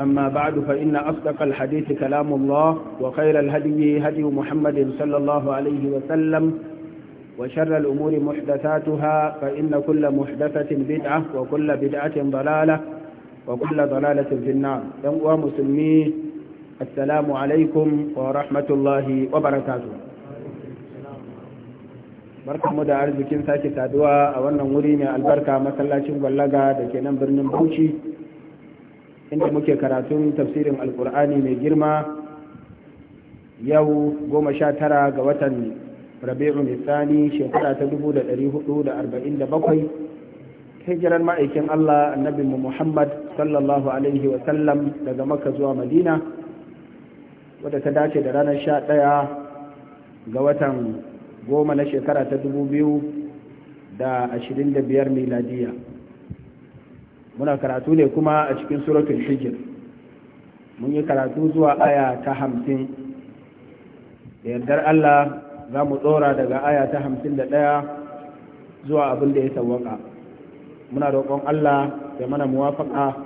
أما بعد فإن أصدق الحديث كلام الله وخير الهدي هدي محمد صلى الله عليه وسلم وشر الأمور محدثاتها فإن كل محدثة بدعة وكل بدعة ضلالة وكل ضلالة في النار ينقوى مسلمي السلام عليكم ورحمة الله وبركاته barkan mu da arzikin sake saduwa a wannan wuri mai albarka masallacin gwallaga da ke nan birnin bauchi inda muke karatun tafsirin alkur'ani mai girma yau goma sha tara ga watan rabi'u misali shekara ta dubu da ɗari hudu da arba'in da bakwai hijiran ma'aikin allah annabi muhammad sallallahu alaihi wa sallam daga makka zuwa madina wadda ta dace da ranar sha ɗaya ga watan goma na shekara ta dubu biyu da ashirin da biyar miladiya muna karatu ne kuma a cikin suratul hijr mun yi karatu zuwa aya ta hamsin da yardar Allah za mu tsora daga aya ta hamsin da ɗaya zuwa abin da ya sawwaka muna roƙon Allah ya mana muwafaƙa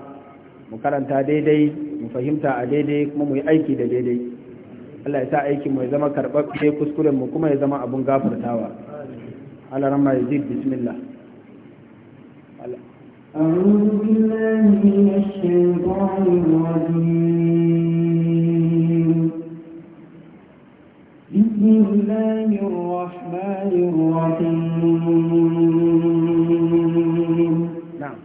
mu karanta daidai mu fahimta a daidai kuma mu yi aiki da daidai Allah ya sa aiki mu ya zama karɓaɓɓe kuskuren mu kuma ya zama abun gafartawa Allah ramma yazid bismillah أعوذ بالله من الشيطان الرجيم بسم الله الرحمن الرحيم نعم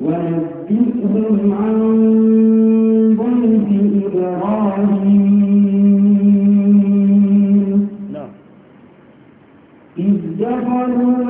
ونبئهم عن ضيف إبراهيم نعم إذ دخلوا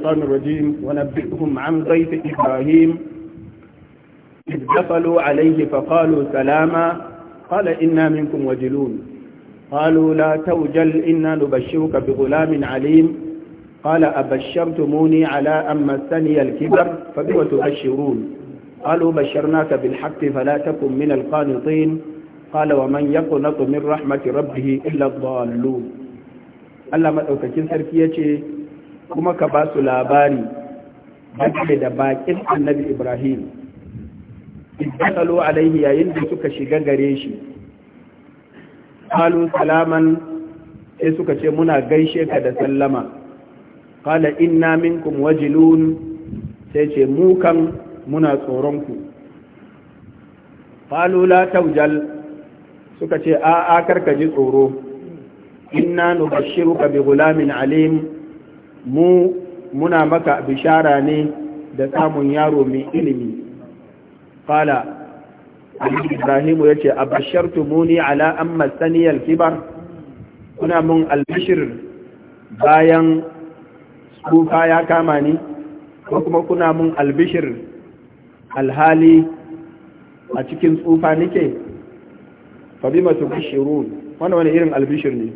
الشيطان الرجيم ونبئهم عن ضيف إبراهيم إذ دخلوا عليه فقالوا سلاما قال إنا منكم وجلون قالوا لا توجل إنا نبشرك بغلام عليم قال أبشرتموني على أن مسني الكبر فبما تبشرون قالوا بشرناك بالحق فلا تكن من القانطين قال ومن يقنط من رحمة ربه إلا الضالون الله ما أوكاكين سركيتي kuma ka ba su labari dangane da bakin annabi ibrahim iddalu alaihi yayin da suka shiga gare shi qalu salaman sai suka ce muna gaishe ka da sallama qala inna minkum wajilun sai ce mu kan muna tsoron ku qalu suka ce a a karka ji tsoro inna nubashshiruka bi gulamin alim mu muna maka bishara ne da samun yaro mai ilimi fala ibrahimu ya ce a bashar muni ala an matsaniyar kibar kuna mun albishir bayan tsufa ya kama ni ko kuma kuna mun albishir alhali a cikin tsufa nike fabi masu bishirun wani wani irin albishir ne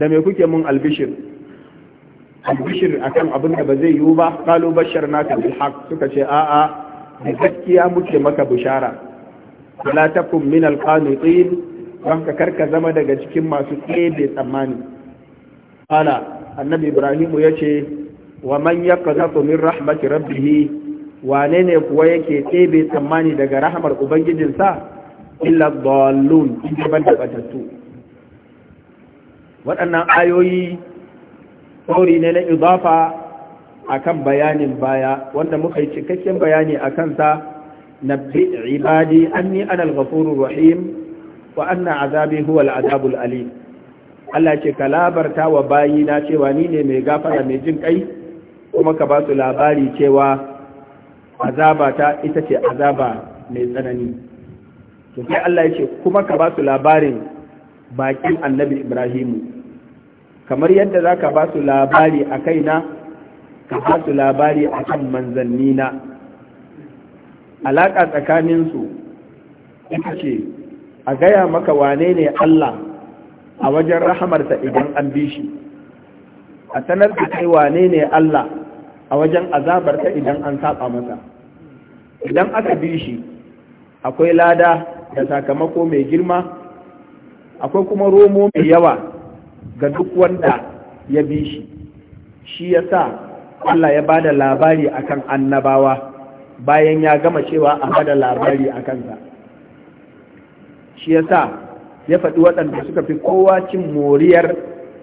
da mai kuke mun albishir albishir akan abin da ba zai yiwu ba qalu basharnaka bil suka ce a'a da gaskiya muke maka bishara la takum min alqanitin qanitin ka karka zama daga cikin masu tsebe tsammani ala annabi ibrahim ya ce wa man yaqnatu min rahmati rabbih wa ne kuwa yake tsebe tsammani daga rahmar ubangijinsa illa dallun in ban da batattu waɗannan ayoyi sauri ne na izafa akan bayanin baya wanda muka yi cikakken bayani a kansa na ibadi anni ana al-ghafurur rahim wa anna azabi huwa al alim Allah ce ka labarta wa bayina cewa ni ne mai gafara mai jin kai kuma ka ba su labari cewa azaba ta ita ce azaba mai tsanani to sai Allah ya ce kuma ka ba su labarin bakin annabi Ibrahimu kamar yadda za ka ba su labari a na, ka ba su labari a kan na alaƙa tsakaninsu ita ce a gaya maka wane ne Allah a wajen rahamarsa idan an bi shi a sanar da kai wane ne Allah a wajen azabarsa idan an saba masa idan aka bi shi akwai lada da sakamako mai girma akwai kuma romo mai yawa ga duk wanda ya bi shi shi ya sa Allah ya bada labari akan annabawa bayan ya gama cewa a bada labari a kansa shi ya sa ya faɗi waɗanda suka fi kowa cin moriyar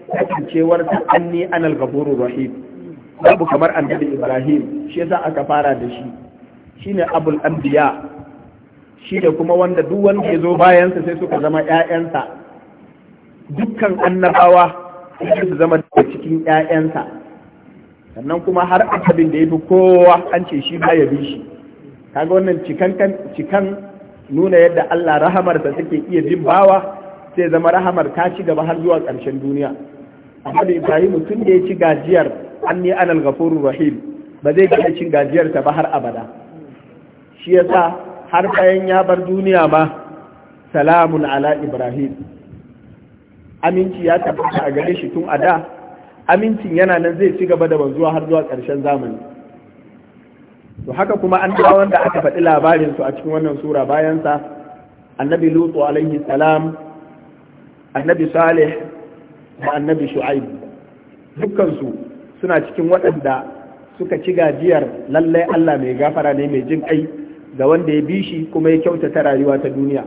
kacancewar ta anni anal gafurur rahim babu kamar annabi ibrahim shi yasa aka fara da shi Shi ne abul anbiya shi da kuma wanda duk wanda ya zo bayansa sai suka zama 'ya'yansa. dukkan annabawa su zama daga cikin ‘ya'yansa sannan kuma har abin da ya fi kowa an ce shi ba ya bi shi kaga wannan cikan nuna yadda Allah rahamarsa take iya bin bawa sai zama rahamar ta ci gaba har zuwa ƙarshen duniya amma Ibrahim tun da ya ci gajiyar an ni anal ghafurur rahim ba zai ga cin gajiyar ta ba har abada shi yasa har bayan ya bar duniya ma salamun ala Ibrahim aminci ya tabbata a gare shi tun a da amincin yana nan zai ci gaba da wanzuwa har zuwa ƙarshen zamani to haka kuma an dawo wanda aka faɗi labarin su a cikin wannan sura bayansa annabi lutu alaihi salam annabi salih da annabi shu'aib dukkansu suna cikin waɗanda suka ci gajiyar lallai Allah mai gafara ne mai jin kai ga wanda ya bi shi kuma ya kyautata rayuwa ta duniya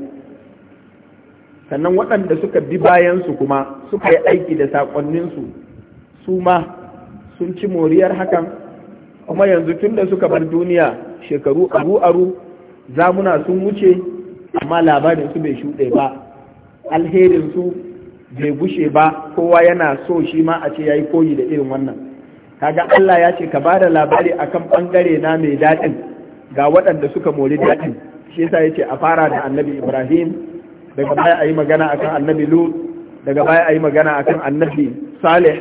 sannan waɗanda suka bi bayansu kuma suka yi aiki da saƙonninsu su ma sun ci moriyar hakan kuma yanzu tun da suka bar duniya shekaru aru-aru zamuna sun wuce amma labarin su bai shuɗe ba alherin su bai gushe ba kowa yana so shi ma a ce ya yi koyi da irin wannan kaga Allah ya ce ka ba da labari akan ɓangare na mai daɗin ga waɗanda suka mori daɗin shi yasa ya ce a fara da annabi ibrahim daga baya ayi magana akan annabi lut daga baya ayi magana akan annabi salih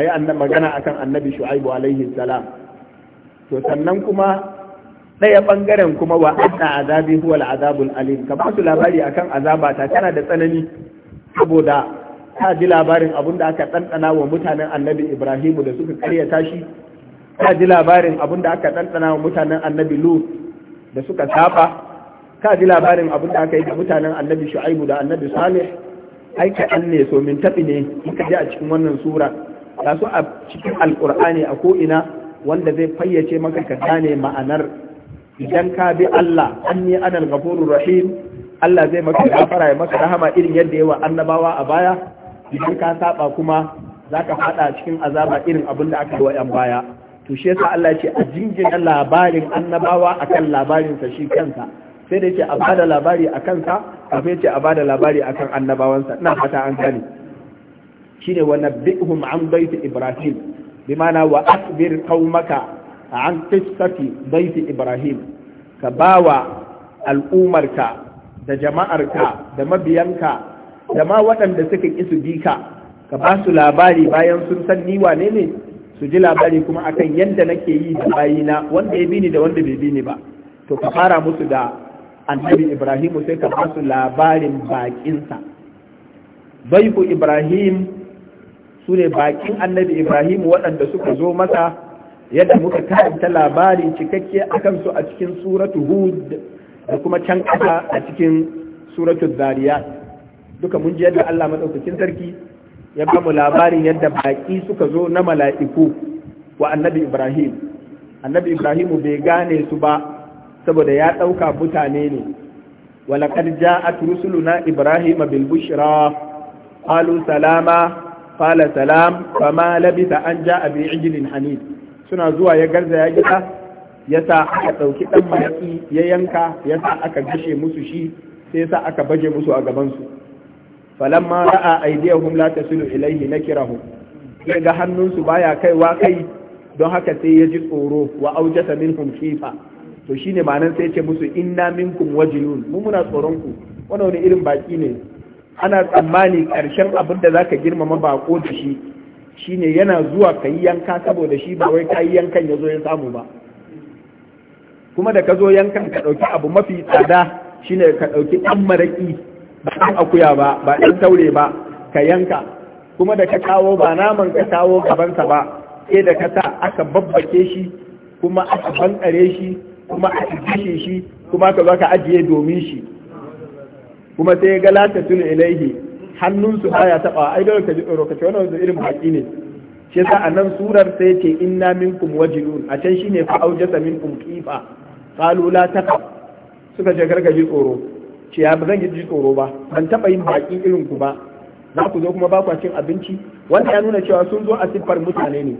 ayi magana akan annabi shu'aibu alaihi salam to sannan kuma ɗaya ɓangaren kuma wa anna azabi huwa al'azabul alim ka ba su labari akan azaba ta tana da tsanani saboda ta ji labarin abun da aka ɗanɗana wa mutanen annabi ibrahimu da suka karyata shi ta ji labarin abun da aka ɗanɗana wa mutanen annabi lut da suka saba ka ji labarin abin da aka yi da mutanen annabi shu'aibu da annabi salih ai kaɗan ne so min tafi ne in ka ji a cikin wannan sura ga su a cikin alƙur'ani a ko'ina wanda zai fayyace maka ka gane ma'anar idan ka bi Allah anni anal ghafurur rahim Allah zai maka gafara ya maka rahama irin yadda yawa annabawa a baya idan ka saba kuma zaka fada cikin azaba irin abin da aka yi wa yan baya to shi yasa Allah ya ce a jingina labarin annabawa akan labarin sa shi kansa sai da yake a bada labari a kansa kafin yace a bada labari akan annabawansa ina fata an Shi ne wa nabbihum an baiti ibrahim bimana wa akbir qaumaka an qissati baiti ibrahim ka bawa al'umarka da jama'arka da mabiyanka da ma waɗanda suka ƙi su bi ka ka ba su labari bayan sun san ni wane ne su ji labari kuma akan yadda nake yi da bayina wanda ya bi ni da wanda bai bi ni ba to ka fara musu da annabi ibrahimu sai ka basu labarin bakinsa baiku ibrahim su ne bakin annabi ibrahim waɗanda suka zo masa yadda muka karanta labarin cikakke akan su a cikin suratu hud da kuma can ƙasa a cikin suratu zariyat duka mun ji yadda allah madaukakin sarki ya bamu labarin yadda baƙi suka zo na mala'iku wa annabi ibrahim annabi ibrahimu bai gane su ba saboda ya ɗauka mutane ne walaƙar ja'at rusuluna ibrahim bil bushra qalu salama qala salam fama labisa an ja'a bi ijlin hanid suna zuwa ya garza ya gida ya sa aka ɗauki ɗan mayaƙi ya yanka ya sa aka gashe musu shi sai sa aka baje musu a gabansu falamma ra'a aydiyahum la tasilu ilayhi nakirahum sai ga hannunsu baya kaiwa kai don haka sai ya ji tsoro wa aujata minhum khifa to shi ne ma'anar sai ce musu inna minkum wajilun mu muna tsoron ku wani irin baki ne ana tsammani ƙarshen abin da zaka girmama bako da shi ne yana zuwa ka yi yanka saboda shi ba wai ka yi yankan ya zo ya samu ba kuma da ka zo yankan ka ɗauki abu mafi tsada shi ne ka ɗauki ɗan maraƙi ba ɗan akuya ba ba ɗan taure ba ka yanka kuma da ka kawo ba naman ka kawo gabansa ba sai da ka sa aka babbake shi kuma aka bankare shi kuma a kashe shi kuma ka baka ajiye domin shi kuma sai ga la ilaihi hannunsu baya taba ai dole ka ji tsoro ka ce wannan irin baki ne shi yasa a nan surar sai ce inna minkum wajilun a can shine fa aujasa minkum qifa qalu la taqa suka ce gargaji tsoro ce ya ba zan ji tsoro ba ban taba yin baki irin ku ba za ku zo kuma ba ku cin abinci wanda ya nuna cewa sun zo a siffar mutane ne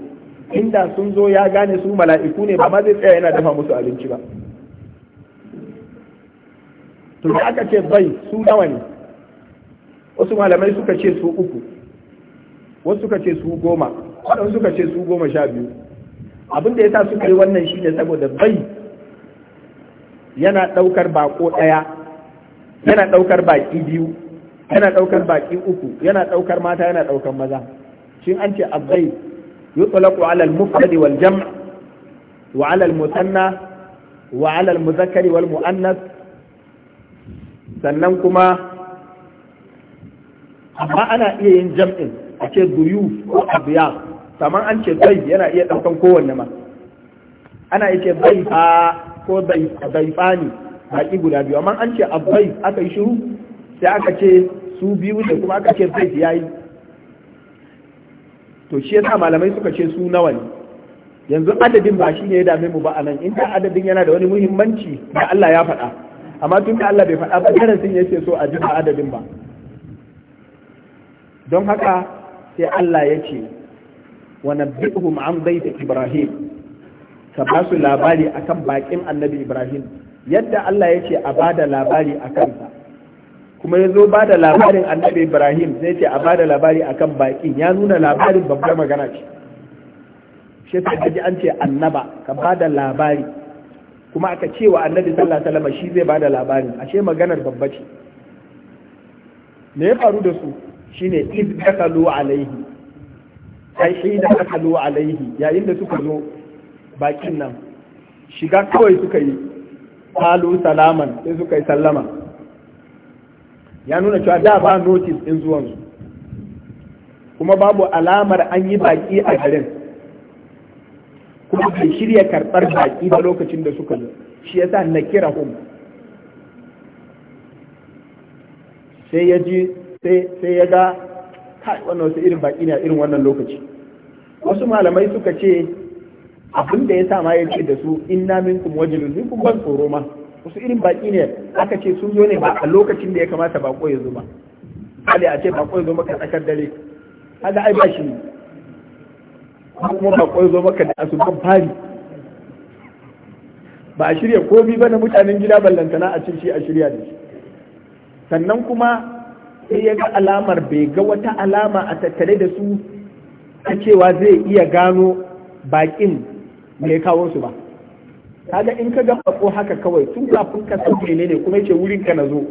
inda sun zo ya gane su mala'iku ne ba ma zai tsaya yana dafa musu abinci ba to da aka ce bai su nawa ne wasu malamai suka ce su uku wasu suka ce su goma waɗansu suka ce su goma sha biyu abin da ya sa suka yi wannan shine saboda bai yana ɗaukar bako ɗaya yana ɗaukar baki biyu yana ɗaukar baki uku yana ɗaukar mata yana ɗaukar maza shin an ce abai yutlaqu ala al-mufrad wal jam' wa musanna wa ala muannas sannan kuma amma ana iya yin jam'in a ce duyu ko abiya saman an ce yana iya kowanne ma ana iya ce bai fa ko daifani baƙi guda biyu amma an ce abai aka yi shiru sai aka ce su biyu ne kuma aka ce bai yayi to shi yasa malamai suka ce su nawa ne yanzu adadin ba shine ya dame mu ba anan in da adadin yana da wani muhimmanci da Allah ya faɗa amma tun da Allah bai faɗa ba ya yace so a ji ba adadin ba don haka sai Allah ya ce wa nabbi'uhum an baiti ibrahim ka ba su labari akan bakin annabi ibrahim yadda Allah ya ce a bada labari akan sa kuma ya zo ba da labarin annabi ibrahim zai ce a bada da labari akan baƙin ya nuna labarin babbar magana ce shi ta ji an ce annaba ka ba da labari kuma aka ce wa annabi sallallahu alaihi wasallam shi zai ba da labarin ashe maganar babba ce me ya faru da su shine id dakalu alaihi ai da dakalu alaihi yayin da suka zo bakin nan shiga kawai suka yi qalu salaman sai suka yi sallama ya nuna cewa da ba notice in zuwansu kuma babu alamar an yi baki a garin kuma bai shirya karɓar baki da lokacin da suka zo shi ya sa na kira hum sai ya ji sai ya ga kai wannan wasu irin baki ne a irin wannan lokaci wasu malamai suka ce abin da ya sa ma ya ce da su inna minkum wajilun ni kun ban tsoro ma wasu irin baki ne aka ce sun zo ne ba a lokacin da ya kamata bako ya zo ba kada a ce bako ya zo maka tsakar dare hada ai ba shi ne kuma bako ya zo maka da asuban fari ba a shirya komi ba na mutanen gida ballantana a cin shi a shirya da shi sannan kuma sai ya ga alamar bai ga wata alama a tattare da su a cewa zai iya gano bakin mai kawo su ba kaga in ka ga bako haka kawai tun kafin ka san menene kuma yace wurin ka nazo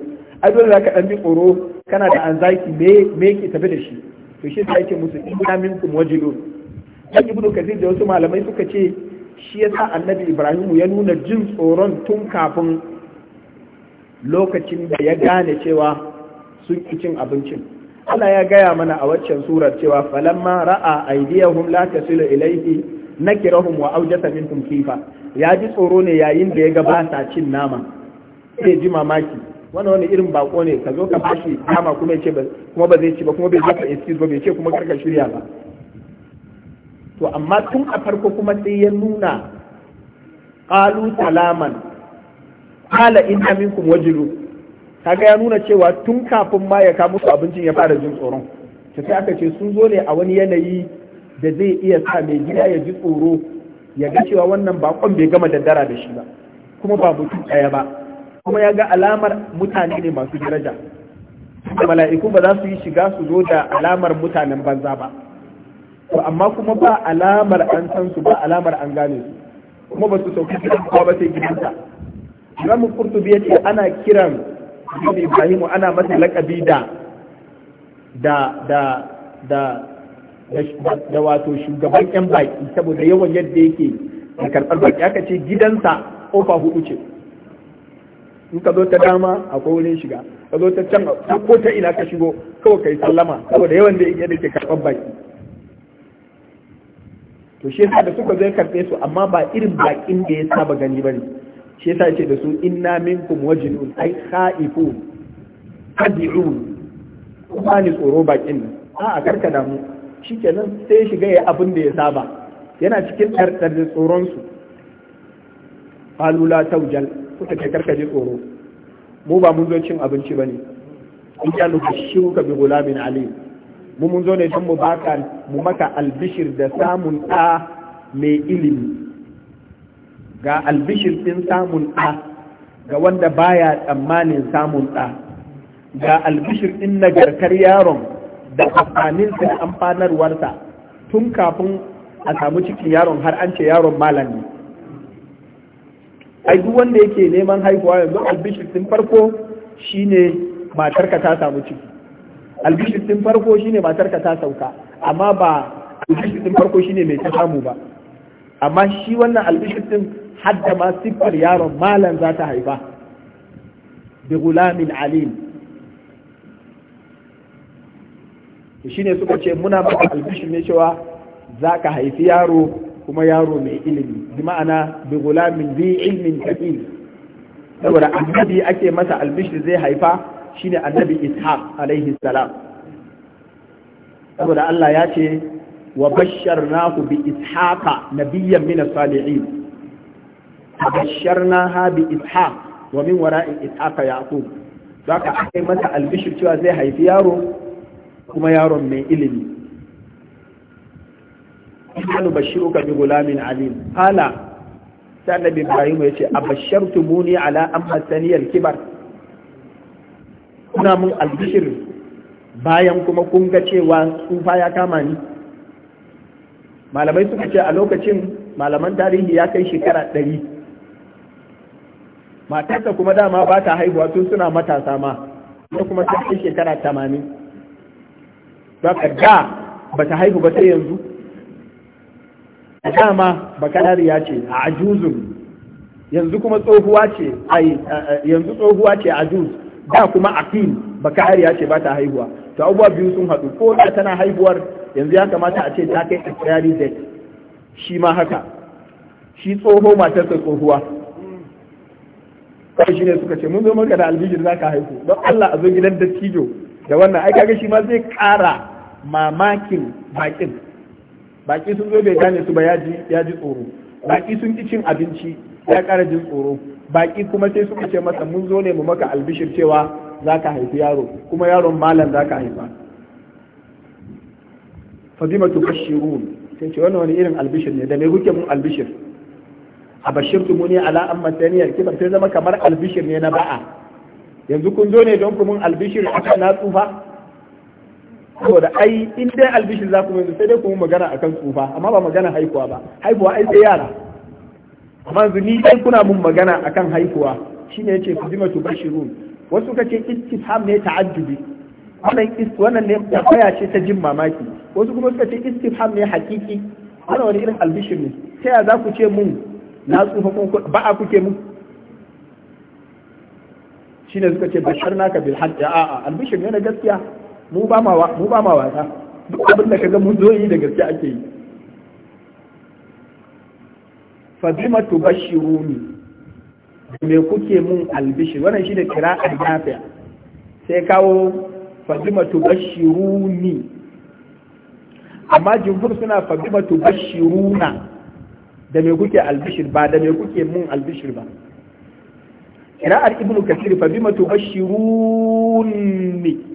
ai dole zaka dan bi tsoro kana da anxiety me me ke tafi da shi to shi sai yake musu inna minkum wajilun dan ibnu kathir da wasu malamai suka ce shi yasa annabi ibrahim ya nuna jin tsoron tun kafin lokacin da ya gane cewa sun ki cin abincin Allah ya gaya mana a waccan surar cewa falamma ra'a aydiyahum la tasilu ilayhi nakirahum wa aujasa minkum khifa ya ji tsoro ne yayin da ya ga ba sa cin nama sai ji mamaki wannan wani irin bako ne ka zo ka bashi nama kuma yace ba kuma ba zai ci ba kuma bai zaka excuse ba bai ce kuma karka shirya ba to amma tun a farko kuma sai ya nuna qalu salaman qala inna minkum wajilu kaga ya nuna cewa tun kafin ma ya kawo musu abincin ya fara jin tsoron ta sai aka ce sun zo ne a wani yanayi da zai iya sa mai gida ya ji tsoro ya ga cewa wannan bakon bai gama daddara da shi ba kuma ba mutum ɗaya ba kuma ya ga alamar mutane ne masu daraja mala'iku ba za su yi shiga su zo da alamar mutanen banza ba to amma kuma ba alamar an san su ba alamar an gane su kuma ba su sauki gidan kowa ba sai gidansa Imam Qurtubi yace ana kiran ibrahimu ana masa lakabi da da da da da wato shugaban yan baki saboda yawan yadda yake da karɓar baki aka ce gidansa kofa hudu ce in ka zo ta dama akwai wurin shiga ka zo ta can ko ta ina ka shigo kawai kai sallama saboda yawan da yake ke karɓar baki to shi yasa da suka zai karɓe su amma ba irin bakin da ya saba gani ba ne shi yasa ce da su inna minkum wajinun ai khaifun hadi'un kuma ni tsoro bakin nan a a karka damu shikenan sai shiga ya abin da ya saba yana cikin ɗarɗar tsoronsu su falula wujal suka ce karka tsoro mu ba mun zo cin abinci ba in ka nufashiru ka bi gulamin ali mu mun zo ne don mu baka mu maka albishir da samun ɗa mai ilimi ga albishir ɗin samun ɗa ga wanda baya tsammanin samun ɗa ga albishir ɗin nagarkar yaron da amfaninsa da amfanarwarsa tun kafin a samu cikin yaron har an ce yaron malam ne ai duk wanda yake neman haihuwa yanzu albishir din farko shine matarka ta samu ciki albishir din farko shine matarka ta sauka amma ba albishir din farko shine mai ta samu ba amma shi wannan albishir din hadda ma siffar yaron malam za ta haifa bi gulamin alim to ne suka ce muna maka albishin ne cewa za ka haifi yaro kuma yaro mai ilimi bi ma'ana bi gulamin bi ilmin kafir saboda annabi ake masa albishir zai haifa shine annabi ishaq alaihi salam saboda Allah ya ce wa basharnahu bi ishaqa nabiyyan min as-salihin basharnaha bi ishaq wa min wara'i ishaqa yaqub zaka aka masa albishin cewa zai haifi yaro kuma yaron mai ilimi ba shi uka bi gulamin alim ala ta annabi ibrahim ya ce a bashar tumuni ala an hasaniyar kibar kuna mun albishir bayan kuma kun ga cewa tsufa ya kama ni malamai suka ce a lokacin malaman tarihi ya kai shekara ɗari matarsa kuma dama ba ta haihuwa tun suna matasa ma ta kuma ta kai shekara tamanin za ka da ba ta haihu ba sai yanzu dama ya ce a ajuzun yanzu kuma tsohuwa ce a yanzu tsohuwa ce juz da kuma aqil bakanariya ce ba ta haihuwa to abubuwa biyu sun haɗu ko da tana haihuwar yanzu ya kamata a ce ta kai expiry date shi ma haka shi tsoho matar ta tsohuwa kawai shi ne suka ce mun zo maka da albijir za ka haihu don Allah a zo gidan dattijo da wannan aika kaga shi ma zai ƙara mamakin bakin baki sun zo bai gane su ba ya ji tsoro baki sun ki cin abinci ya ƙara jin tsoro baki kuma sai suka ce masa mun zo ne mu maka albishir cewa za ka haifi yaro kuma yaron malam za ka haifa fadimatu bashirun sai ce wannan wani irin albishir ne da me kuke mun albishir a bashirtu muni ala amma taniyar kibar sai zama kamar albishir ne na ba'a yanzu kun zo ne don ku mun albishir akan na tsufa saboda ai in dai albishin za ku yanzu sai dai kuma magana akan tsufa amma ba magana haihuwa ba haihuwa ai sai yara amma yanzu ni dai kuna mun magana akan haihuwa shine yace fadimatu bashirun wasu kace ce istifham ne ta'ajjubi wannan wannan ne tambaya ce ta jin mamaki wasu kuma suka ce istifham ne hakiki wannan wani irin albishin ne sai ya za ku ce mun na tsufa kun ba a kuke mun shine suka ce basharnaka bil haqq a'a albishin ne na gaskiya mu ba ma wasa duk abin da kaga mun zo yi da gaske ake yi fa bima tubashiruni me kuke mun albishi wannan shi da kira al sai kawo fa bima tubashiruni amma jumhur suna fa bima tubashiruna da me kuke albishir ba da me kuke mun albishir ba kira'ar ibnu kasir fa bima tubashiruni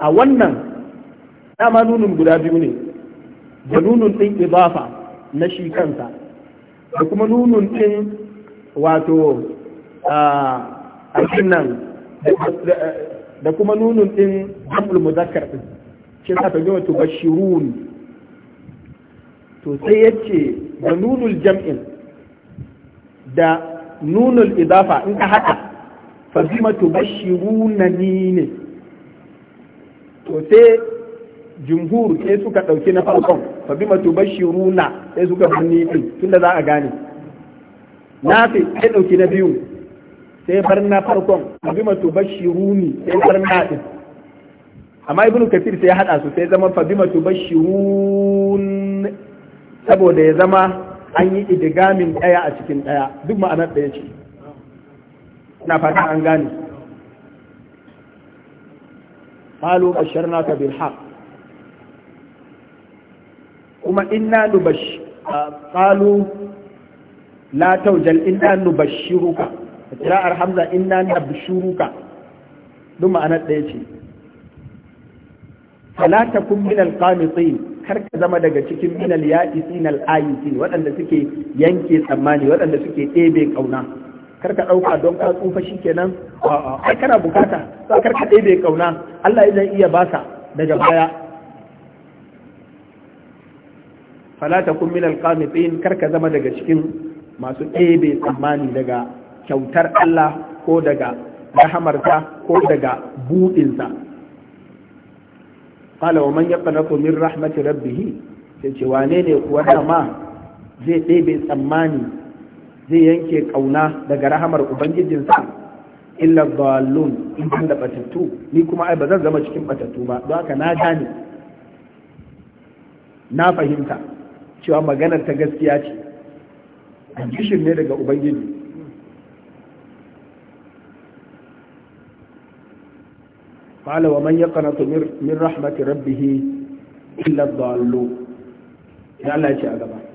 a wannan dama nunun guda biyu ne da nunun ɗin idafa na shi kansa da kuma nunun ɗin wato a nan da kuma nunun ɗin jam'ul muzakkar ɗin shi sa ta gama tubashirun to sai ya ce da nunul jam'in da nunul idafa in ka haɗa fa bima tubashiruna ni ne to sai jumhur ke suka ɗauki na farkon fa bi matubashiruna sai suka fanni din tunda za a gane nafi sai ɗauki na biyu sai bar na farkon fa bi matubashiruni sai bar na din amma ibn kafir sai hada su sai zama fa bi matubashirun saboda ya zama an yi idigamin ɗaya a cikin ɗaya duk ma'anar ɗaya ce na fata an gane qalu basharnaka bil haqq kuma inna nubash qalu la tawjal inna nubashiruka kira'ar hamza inna nabshuruka duk ma'anar ɗaya ce fala takun min alqanitin kar ka zama daga cikin min alya'isin alayisin waɗanda suke yanke tsammani waɗanda suke ɗebe ƙauna. karka ɗauka don ka tsufa shi kenan ai kana bukata sa karka ɗaya bai kauna Allah zai iya baka daga baya fala kun min alqanitin karka zama daga cikin masu ɗaya bai tsammani daga kyautar Allah ko daga rahamarsa ko daga buɗinsa qala wa man min rahmati rabbihi sai ce wane ne kuwa dama zai ɗaya tsammani zai yanke kauna daga rahamar ubangijinsa illa balun in ban da batattu ni kuma ai ba zan zama cikin batattu ba don haka na gane na fahimta cewa maganar ta gaskiya ce kishin ne daga ubangiji qala wa man yaqnatu min rahmati rabbihi illa dhallu ya Allah ya ci a gaba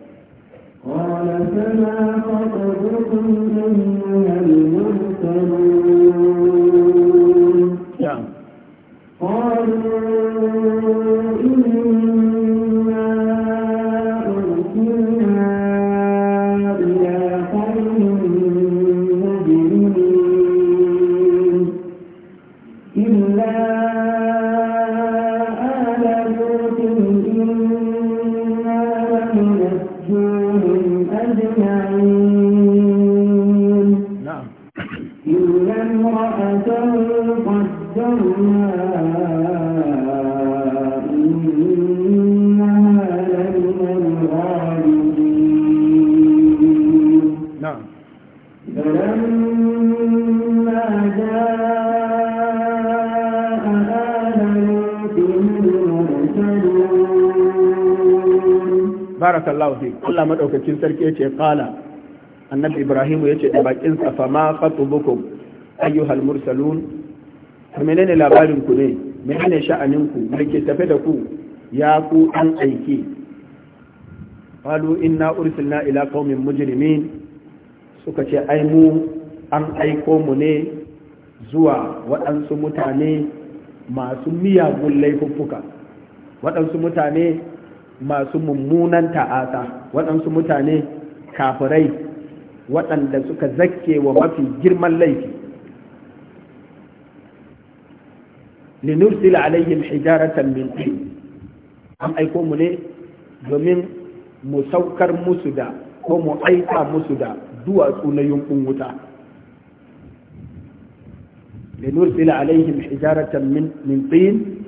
قال فما خطبكم أيها المرسلون قالوا إنا madaukakin sarki yace qala annabi ibrahim yace da bakin sa fa ma ayyuhal mursalun to menene labarin ku ne menene sha'anin ku muke tafe da ku ya ku an aiki qalu inna ursilna ila qaumin mujrimin suka ce ai mu an aiko mu ne zuwa waɗansu mutane masu miyagun laifuffuka waɗansu mutane masu mummunan ta'ata waɗansu mutane kafirai waɗanda suka zakke wa mafi girman laifi linursila alayhim hijaratan min an aiko mu ne domin mu saukar musu da ko mu aika musu da duwatsu na yunkun wuta linursila alayhim hijaratan min tin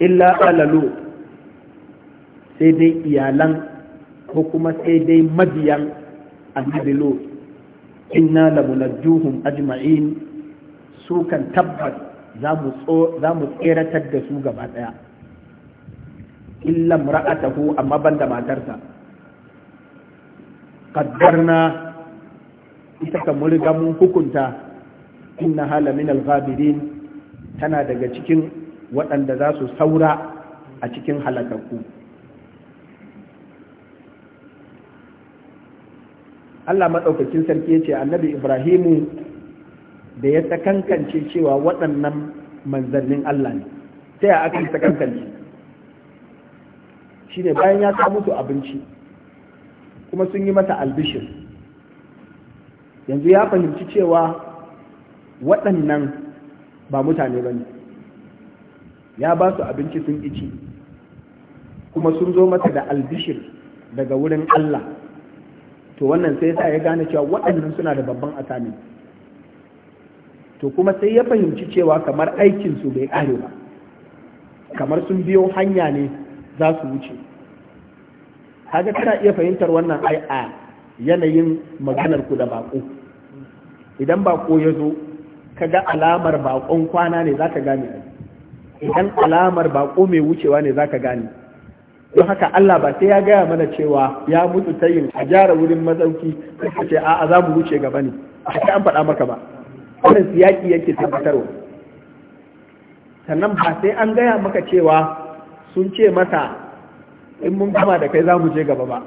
illa alalu sai dai iyalan ko kuma sai dai mabiyan annabilu lut inna lamunajjuhum ajma'in su kan tabbas za mu tseratar da su gaba daya illa ra'atahu amma banda matarsa qaddarna ita ka mun hukunta inna hala min al tana daga cikin waɗanda za su saura a cikin halakakku Allah maɗaukakin sarki ya ce annabi Ibrahimu da ya sakankance cewa waɗannan manzannin Allah ne ta ya aka yi shi ne bayan ya samu musu abinci kuma sun yi mata albishir yanzu ya fahimci cewa waɗannan ba mutane ba ne ya ba su abinci sun ici kuma sun zo mata da albishir daga wurin Allah to wannan sai sa ya gane cewa waɗannan suna da babban asami to kuma sai ya fahimci cewa kamar aikinsu bai ƙare ba kamar sun biyo hanya ne za su wuce haka kana iya fahimtar wannan ai a yanayin maganar ku da bako idan bako ya zo kaga alamar bakon kwana ne za ka gane idan alamar bako mai wucewa ne zaka gane don haka Allah ba sai ya gaya mana cewa ya mutu ta yin a gyara wurin mazauki sai ce a'a za mu wuce gaba ne a haka an faɗa maka ba wannan siyaki yake tabbatarwa sannan ba sai an gaya maka cewa sun ce mata in mun gama da kai za mu je gaba ba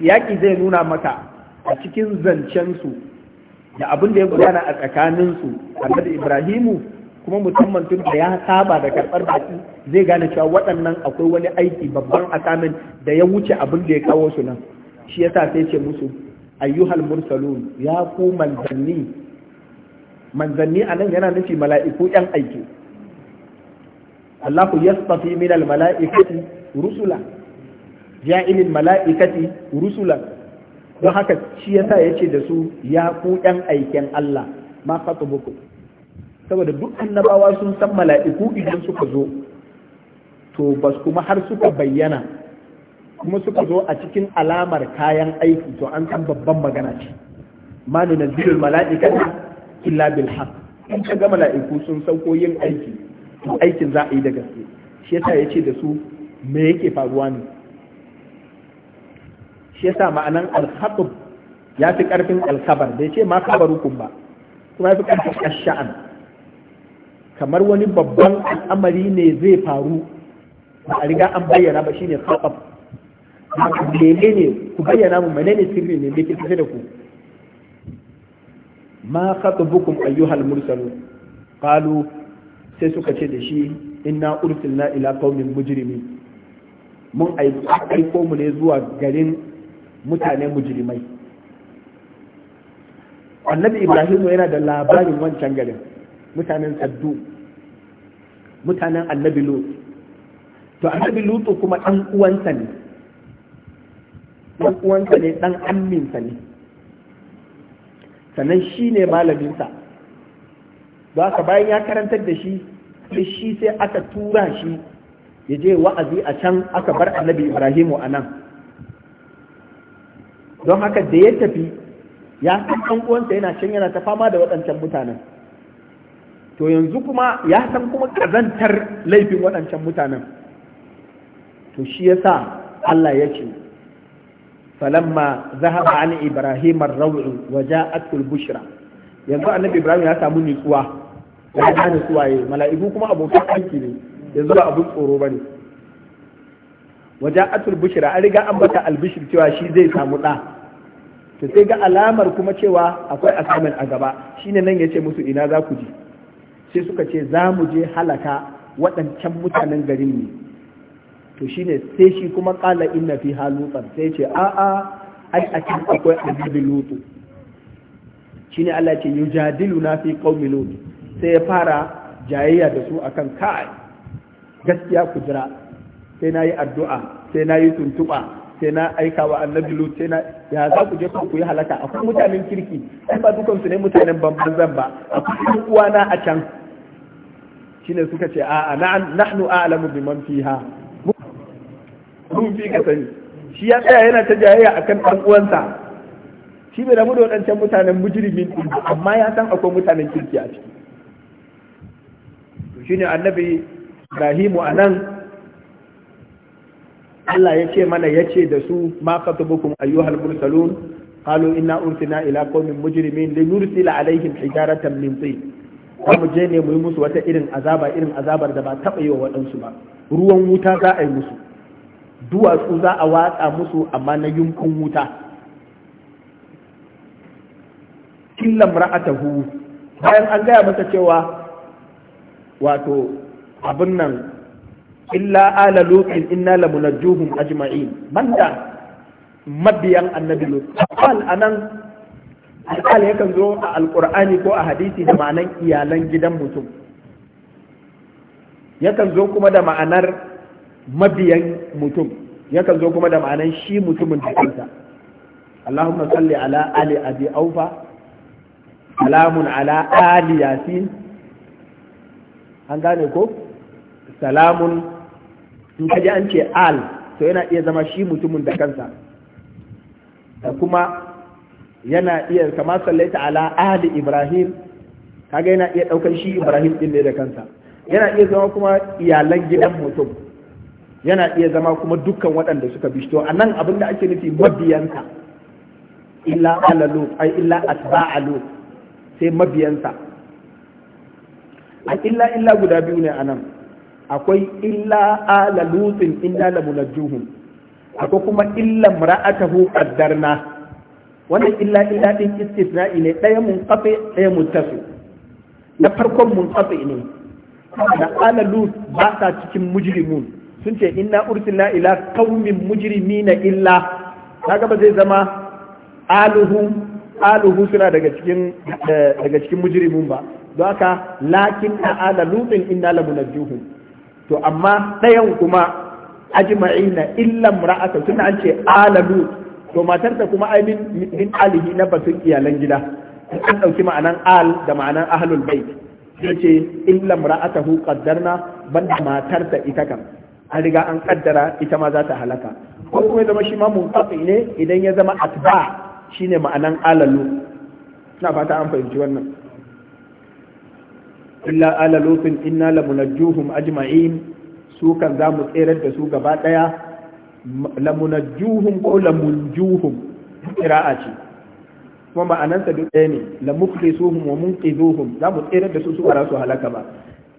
yaƙi zai nuna maka a cikin zancensu da abin da ya gudana a tsakaninsu annabi ibrahimu kuma musamman tun da ya saba da karɓar baki zai gane cewa waɗannan akwai wani aiki babban asamin da ya wuce abin da ya kawo su nan shi yasa sai ce musu ayyuhal mursalun ya ku manzanni manzanni anan yana nufi mala'iku yan aiki Allahu yastafi min al mala'ikati rusula ilin mala'ikati rusula don haka shi yasa yace da su ya ku yan aiken Allah ma khatabukum saboda duk annabawa sun san mala'iku idan suka zo to bas kuma har suka bayyana kuma suka zo a cikin alamar kayan aiki to an san babban magana ce ma na zirin ne illa bil haq in ka ga mala'iku sun sauko yin aiki to aikin za a yi da gaske shi yasa ce da su me yake faruwa ne shi yasa ma'anan al ya fi karfin al-khabar da yace ma khabarukum ba kuma ya fi karfin ash-sha'an kamar wani babban al'amari ne zai faru ba a riga an bayyana ba shine ku mene ne ku bayyana mu mene ne sirri ne da ke da ku ma khatabukum ayyuhal Mursalu, qalu sai suka ce da shi inna ursilna ila qaumin mujrimin mun aiko mu ne zuwa garin mutane mujrimai annabi ibrahim yana da labarin wancan garin mutanen saddu mutanen annabi lutu, to annabi lutu kuma dan uwansa ne dan uwansa ne dan amminsa ne sannan shi ne malaminsa ba ka bayan ya karantar da shi sai shi sai aka tura shi ya je wa'azi a can aka bar annabi ibrahimu a nan don haka da ya tafi ya san uwansa yana can yana ta fama da waɗancan mutanen to yanzu kuma ya san kuma kazantar laifin waɗancan mutanen to shi ya sa Allah ya ce falamma zahaba an ibrahim ar-rawu wa ja'atul bushra yanzu annabi ibrahim ya samu nutsuwa ya ga nutsuwa yayi mala'iku kuma abokan aiki ne yanzu ba abun tsoro bane wa ja'atul bushra an riga an bata al-bushr cewa shi zai samu da to sai ga alamar kuma cewa akwai asamin a gaba shine nan yace musu ina za ku je sai suka ce za mu je halaka waɗancan mutanen garin ne to shine sai shi kuma ƙala inna fi halutsar sai ce a a ai a cikin akwai annabi lutu ne Allah ce na fi ƙaumi lutu sai ya fara jayayya da su akan kai gaskiya ku jira sai na yi addu'a sai na yi tuntuɓa sai na aika wa annabi lutu sai na ya za ku je ku yi halaka akwai mutanen kirki ai ba dukansu ne mutanen banban zan ba akwai uwana a can shine suka ce a'a nahnu a'lamu biman fiha mun fi ka sani shi ya tsaya yana ta jayayya akan dan uwansa shi bai rabu da wadancan mutanen mujrimin din amma ya san akwai mutanen kirki a ciki to shine annabi Ibrahimu anan Allah ya ce mana ya ce da su ma katubukum ayyuhal mursalun qalu inna ursina ila qaumin mujrimin linursila alaihim hijaratan min tin za mu je ne mu yi musu wata irin azaba irin azabar da ba taɓa yi wa waɗansu ba ruwan wuta za a yi musu duwatsu za a watsa musu amma na yunkun wuta killam ra'atahu bayan an gaya masa cewa wato abin nan illa ala lutin inna munajjuhum ajma'in banda mabiyan annabi lut anan alƙal yakan zo a alƙur'ani ko a hadisi da ma'anan iyalan gidan mutum yakan zo kuma da ma'anar mabiyan mutum yakan zo kuma da ma'anar shi mutumin da kansa Allahumma salli ala ali abi aufa salamun ala ali yasin an gane ko salamun in kaji an ce al to yana iya zama shi mutumin da kansa da kuma yana iya kama sallaita ala ahli ibrahim kaga yana iya daukar shi ibrahim din ne da kansa yana iya zama kuma iyalan gidan mutum yana iya zama kuma dukkan waɗanda suka bi to anan abin da ake nufi mabiyansa illa ala lut ai illa atba'a lut sai mabiyansa a illa illa guda biyu ne anan akwai illa ala lutin inna lamunajjuhum akwai kuma illa mara'atahu qaddarna wannan illa illa din istisna'i ne ɗaya mun kafe ɗaya mun tafi na farkon mun kafe ne da ala lut ba ta cikin mujrimun sun ce inna ursilna ila qaumin mujrimina illa kaga ba zai zama aluhu aluhu suna daga cikin daga cikin mujrimun ba don haka lakin na ala lutin inna la munajjuhu to amma ɗayan kuma ajma'ina illa imra'atan tun an ce ala lut to matarta kuma ai min alihi na batun iyalan gida an ɗauki ma'anan al da ma'anan ahlul bait yace illa mar'atahu qaddarna banda da ita kam an riga an kaddara ita ma za ta halaka ko kuma zama shi ma munqati ne idan ya zama atba shine ma'anan alalu na fata an fahimci wannan illa alalu fin inna lamunajjuhum ajma'in su kan za mu tserar da su gaba daya lamunajuhum ko lamunjuhum qira'a ce kuma ma'anansa duk ɗaya ne la mukhlisuhum wa munqidhuhum za mu tsere da su su ba su halaka ba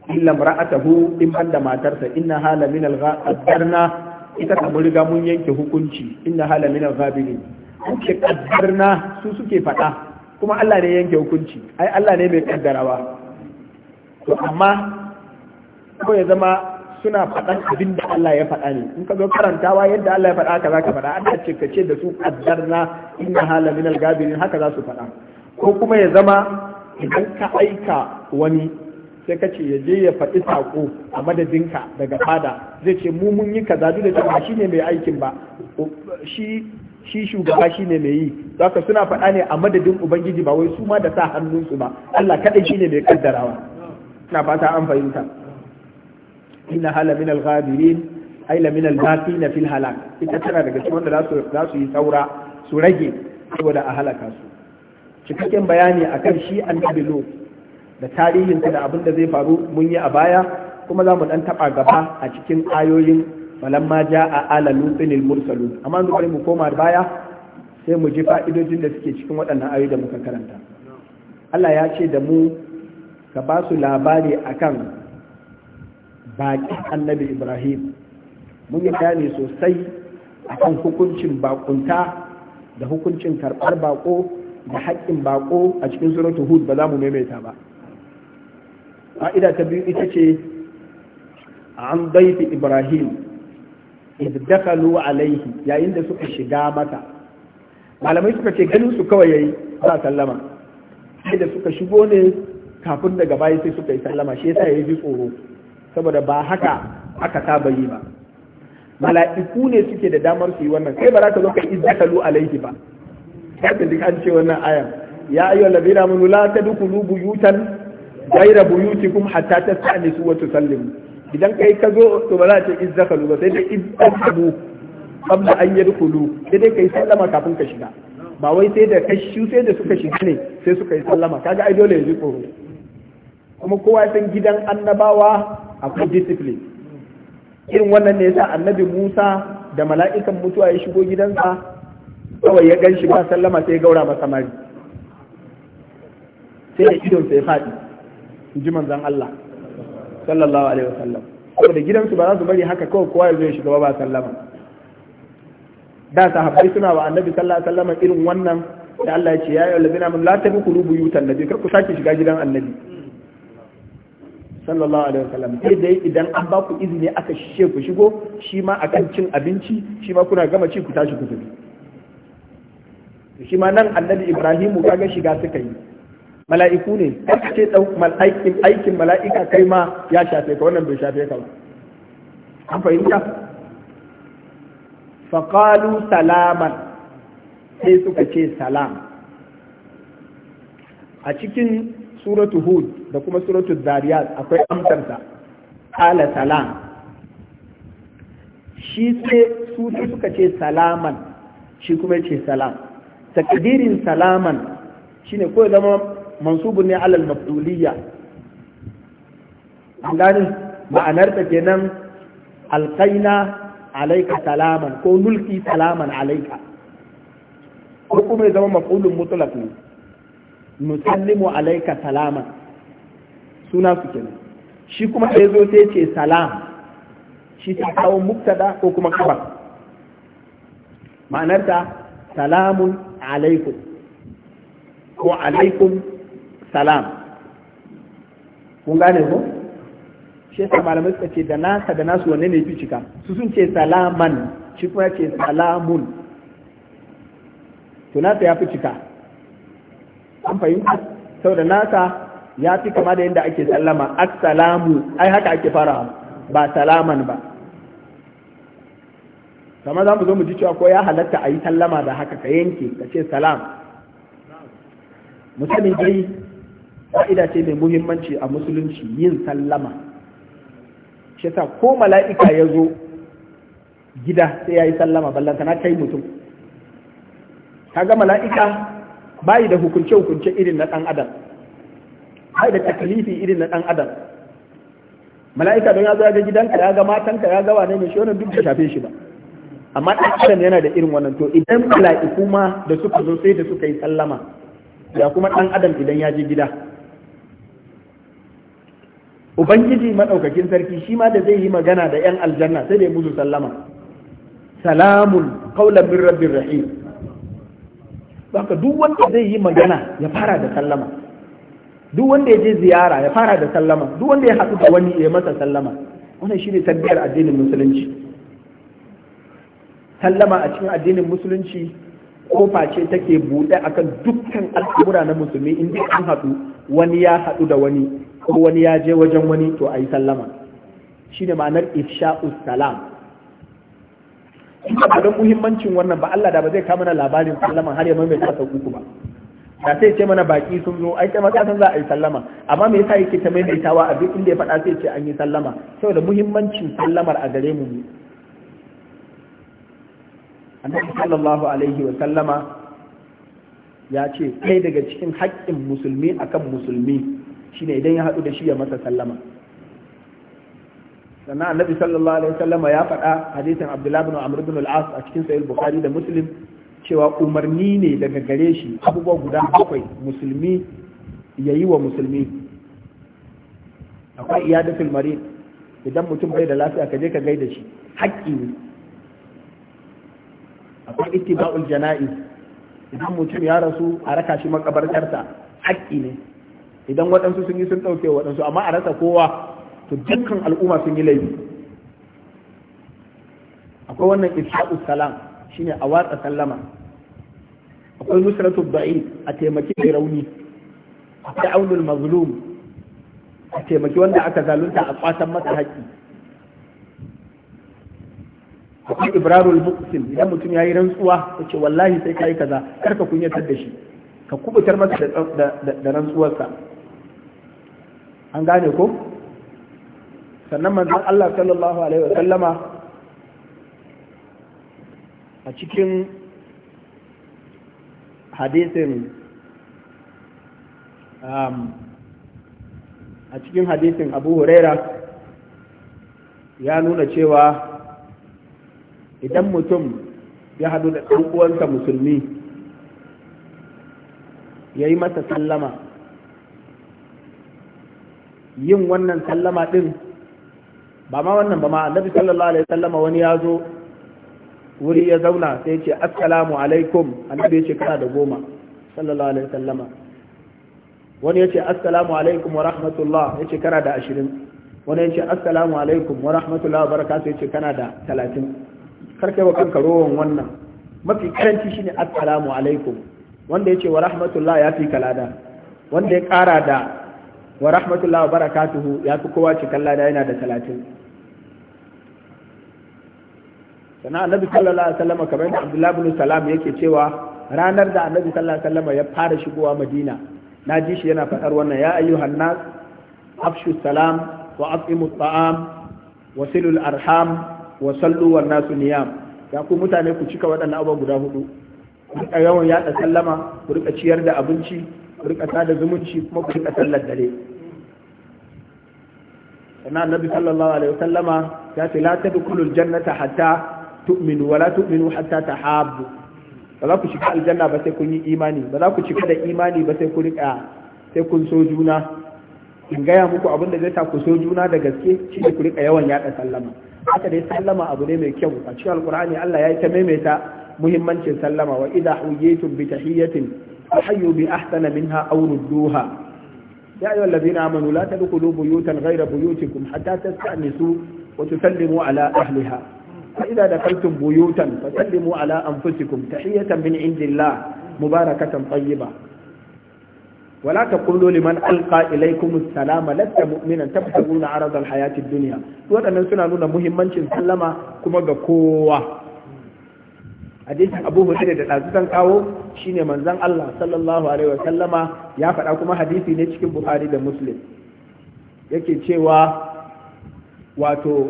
illa mar'atahu in banda matarsa inna hala min al-ghadarna ita ta mun riga mun yanke hukunci inna hala min al-ghabirin an ce kaddarna su suke faɗa kuma Allah ne yanke hukunci ai Allah ne mai kaddarawa to amma ko ya zama suna faɗan abin da Allah ya faɗa ne in ka zo karantawa yadda Allah ya faɗa ka za ka faɗa Allah ce ka ce da su kaddarna inna hala minal gabirin haka za su faɗa ko kuma ya zama idan ka aika wani sai ka ce ya je ya faɗi saƙo a madadinka daga fada zai ce mu mun yi kaza duk da cewa shi ne mai aikin ba shi shugaba shi ne mai yi zaka suna faɗa ne a madadin ubangiji ba wai su ma da sa hannunsu ba Allah kaɗai shi ne mai kaddarawa na fata an fahimta inna hala min al-ghabirin ay la min al-baqina fil halak ita tana daga cikin wanda za su yi saura su rage saboda a halaka su cikakken bayani akan shi annabi lo da tarihinsa da abin da zai faru mun yi a baya kuma zamu mu dan taba gaba a cikin ayoyin falamma ja'a ala lutin al-mursalun amma duk mu koma baya sai mu ji fa'idojin da suke cikin waɗannan ayoyi da muka karanta Allah ya ce da mu ka ba su labari akan baƙin annabi ibrahim mun yi bayani sosai a kan hukuncin bakunta da hukuncin karɓar baƙo da haƙƙin baƙo a cikin suratul hud ba za mu maimaita ba fa'ida ta biyu ita ce an baifi ibrahim iddakalu alaihi yayin da suka shiga mata malamai suka ce ganin su kawai yayi ba sallama sai da suka shigo ne kafin daga baya sai suka yi sallama shi yasa yayi ji tsoro saboda ba haka aka saba yi ba mala'iku ne suke da damar su yi wannan kai ba za ka zo ka izzakalu alaihi ba haka duk an ce wannan ayan ya ayyu allazina amanu la tadkhulu buyutan ghayra buyutikum hatta tasta'nisu wa tusallimu idan kai ka zo to ba za ta izzakalu ba sai dai izzakalu qabla an yadkhulu sai dai kai sallama kafin ka shiga ba wai sai da kashu sai da suka shiga ne sai suka yi sallama kaga ai dole ya ji tsoro kuma kowa san gidan annabawa akwai discipline irin wannan ne yasa annabi Musa da mala'ikan mutuwa ya shigo gidansa kawai ya gan shi ba sallama sai ya gaura masa mari sai ya idon sai faɗi in ji manzon Allah sallallahu alaihi wasallam saboda gidansu ba za su bari haka kawai kowa ya zo ya shiga ba sallama da sahabbai suna wa annabi sallallahu alaihi wasallam irin wannan da Allah ya ce ya ayyuhal ladina amanu la tadkhulu buyutan nabi kar ku sake shiga gidan annabi sallallahu alaihi wasallam sai dai idan an ba ku izini aka shishe ku shigo shi ma akan cin abinci shi ma kuna gama ci ku tashi ku tafi shi ma nan annabi ibrahimu kaga shiga suka yi mala'iku ne kar ce aikin aikin mala'ika kai ma ya shafe ka wannan bai shafe ka ba an fahimta faqalu salaman sai suka ce salam a cikin suratu hud da kuma suratu zariyat akwai amsarsa ala salam shi sai su suka ce salaman shi kuma ce salam takdirin salaman shine ko zama mansubun ne alal mafduliyya gani ma'anar ta kenan alkaina alaika salaman ko nulki salaman alaika ko kuma ya zama maf'ulun mutlaq ne nusallimu alaika salaman suna su kenan shi kuma sai zo sai ce salam shi ta kawo muktada ko kuma kabar ma'anarta salamun alaikum ko alaikum salam kun gane ko shi ta malamai suka ce da nasa da nasu wanne ne fi cika su sun ce salaman shi kuma ce salamun to nasa ya fi cika an fahimta saboda nasa ya fi kama da yadda ake sallama assalamu ai haka ake fara ba salaman ba kama za mu zo mu ji cewa ko ya halatta a yi sallama da haka ka yanke ka ce salam musamman dai fa'ida ce mai muhimmanci a musulunci yin sallama shi sa ko mala'ika ya zo gida sai ya yi sallama ballanta na kai mutum ka ga mala'ika bai da hukunce-hukunce irin na ɗan adam bai da takalifi irin na ɗan adam mala'ika don ya zo ga gidanka ya ga matanka ya ga wane mai shi wannan duk da shafe shi ba amma ɗan adam yana da irin wannan to idan mala'iku ma da suka zo sai da suka yi sallama ya kuma ɗan adam idan ya je gida ubangiji maɗaukakin sarki shi ma da zai yi magana da 'yan aljanna sai da ya musu sallama salamun kaulan min rabbin rahim baka duk wanda zai yi magana ya fara da sallama duk wanda ya je ziyara ya fara da sallama duk wanda ya haɗu da wani ya masa sallama wannan shine tarbiyar addinin musulunci sallama a cikin addinin musulunci kofa ce take buɗe akan dukkan al'amura na musulmi in dai an haɗu wani ya haɗu da wani ko wani ya je wajen wani to ayi sallama shine ma'anar ifsha'us salam in ba don muhimmancin wannan ba Allah da ba zai kama na labarin sallama har ya mai ta sauku uku ba da sai ce mana baki sun zo ai kai san za a yi sallama amma me yasa yake ta maimaitawa a duk inda ya faɗa sai ce an yi sallama saboda muhimmancin sallamar a gare mu annabi sallallahu alaihi wa sallama ya ce kai daga cikin haƙƙin musulmi akan musulmi shine idan ya haɗu da shi ya masa sallama sannan annabi sallallahu alaihi wasallama ya faɗa hadisin abdullahi bin amr bin al-as a cikin sahih bukhari da muslim cewa umarni ne daga gare shi abubuwa guda bakwai musulmi yayi wa musulmi akwai iyadatul marid idan mutum bai da lafiya ka je ka gaida shi haƙƙi ne akwai ittiba'ul jana'iz idan mutum ya rasu a raka shi makabartarsa haƙƙi ne idan waɗansu sun yi sun ɗauke waɗansu amma a rasa kowa to dukkan al'umma sun yi laifi akwai wannan isha'u salam shine a watsa sallama akwai nusratu da'i a taimaki mai rauni akwai aunul mazlum a taimaki wanda aka zalunta a kwatan masa haƙƙi akwai ibrarul muqsim idan mutum ya yi rantsuwa yace wallahi sai kai kaza kar ka kunyatar da shi ka kubutar masa da rantsuwarsa an gane ko sannan manzan Allah sallallahu alaihi wasallama a cikin hadisin um, a cikin hadisin abu huraira ya nuna cewa idan mutum ya hadu da uwansa musulmi ya yi masa sallama yin wannan sallama ɗin ba ma wannan ba ma annabi sallallahu alaihi wasallama wani ya zo wuri ya zauna sai ce assalamu alaikum annabi ya ce kana da goma sallallahu alaihi wasallama wani ya ce assalamu alaikum wa rahmatullah ya ce kana da ashirin wani ya ce assalamu alaikum wa rahmatullah wa barakatu ya ce kana da talatin karkai wa kanka rowan wannan mafi karanci shine assalamu alaikum wanda ya ce wa rahmatullah ya fi kalada wanda ya kara da wa rahmatullah wa barakatuhu ya fi kowa cikin lada yana da talatin sana annabi sallallahu alaihi wasallam kamar yadda abdullahi bin salam yake cewa ranar da annabi sallallahu alaihi wasallam ya fara shigowa madina na ji shi yana faɗar wannan ya ayyuhan nas afshu salam wa aqimu ta'am wa silul arham wa sallu wan nasu niyam ya ku mutane ku cika waɗannan abubuwa guda hudu ku rika yawan yada sallama ku rika ciyar da abinci ku rika tada zumunci kuma ku rika sallar dare sannan annabi sallallahu alaihi wasallama ya ce la tadkhulul jannata hatta tu'minu wala tu'minu hatta tahabbu ba za ku shiga aljanna ba sai kun yi imani ba za ku shiga da imani ba sai ku rika sai kun so juna in gaya muku abin da zai ta ku so juna da gaske shi ne ku rika yawan yada sallama haka dai sallama abu ne mai kyau a cikin alkur'ani Allah ya yi ta maimaita muhimmancin sallama wa idha huyyitum bi tahiyyatin fahayyu bi ahsana minha aw rudduha ya ayyuhal ladina amanu la tadkhulu buyutan ta buyutikum hatta tasta'nisu wa tusallimu ala ahliha فإذا دخلتم بيوتا فسلموا على أنفسكم تحية من عند الله مباركة طيبة ولا تقولوا لمن ألقى إليكم السلام لست مؤمنا تبتغون عرض الحياة الدنيا وأنا سنة نونا مهما سلم كما قوة حديث أبو hudai da ɗazutan kawo من زن الله صلى الله عليه وسلم ya faɗa kuma hadisi ne cikin buhari da muslim واتو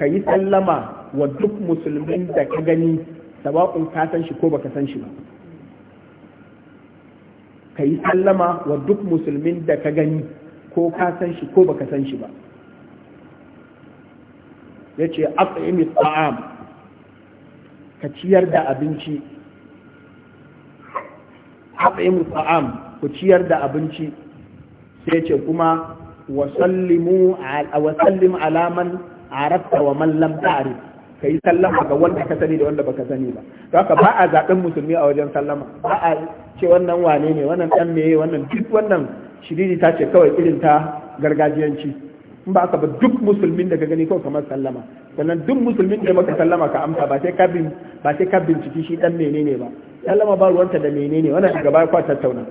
ka yi sallama wa duk musulmin da ka gani sabakun ka san shi ko baka san shi ba ka yi sallama wa duk musulmin da ka gani ko ka san shi ko baka san shi ba ya ce aqimi ta'am ka ciyar da abinci aqimi ta'am ku ciyar da abinci sai ce kuma wa sallimu ala man arafta wa man lam ta'rif kai sallama ga wanda ka sani da wanda baka sani ba to haka ba a zaben musulmi a wajen sallama ba a ce wannan wane ne wannan dan meye wannan duk wannan shiriri ta ce kawai irin ta gargajiyanci in ba aka ba duk musulmin da ka gani kawai kamar sallama sannan duk musulmin da maka sallama ka amsa ba sai ka bin ba sai ka binciki shi dan menene ba sallama ba ruwanta da menene wannan daga baya kwata tattauna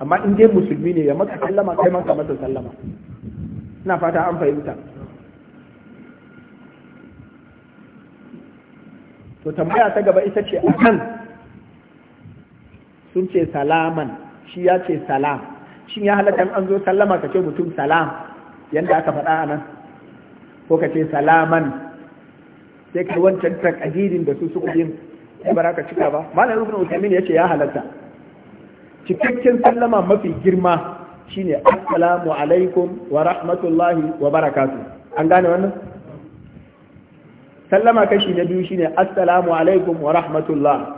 amma in dai musulmi ne ya maka sallama kai maka masa sallama ina fata an fahimta to tambaya ta gaba ita ce akan sun ce salaman shi ya ce salam shi ya halatta an zo sallama ka ce mutum salam yadda aka faɗa a nan ko ka ce salaman sai ka wancan takadirin da su suka yin ba za ka cika ba malam rufin usaimin ya ce ya halatta cikakken sallama mafi girma shine assalamu alaikum wa rahmatullahi wa barakatuh an gane wannan sallama kashi na biyu shine assalamu alaikum wa rahmatullah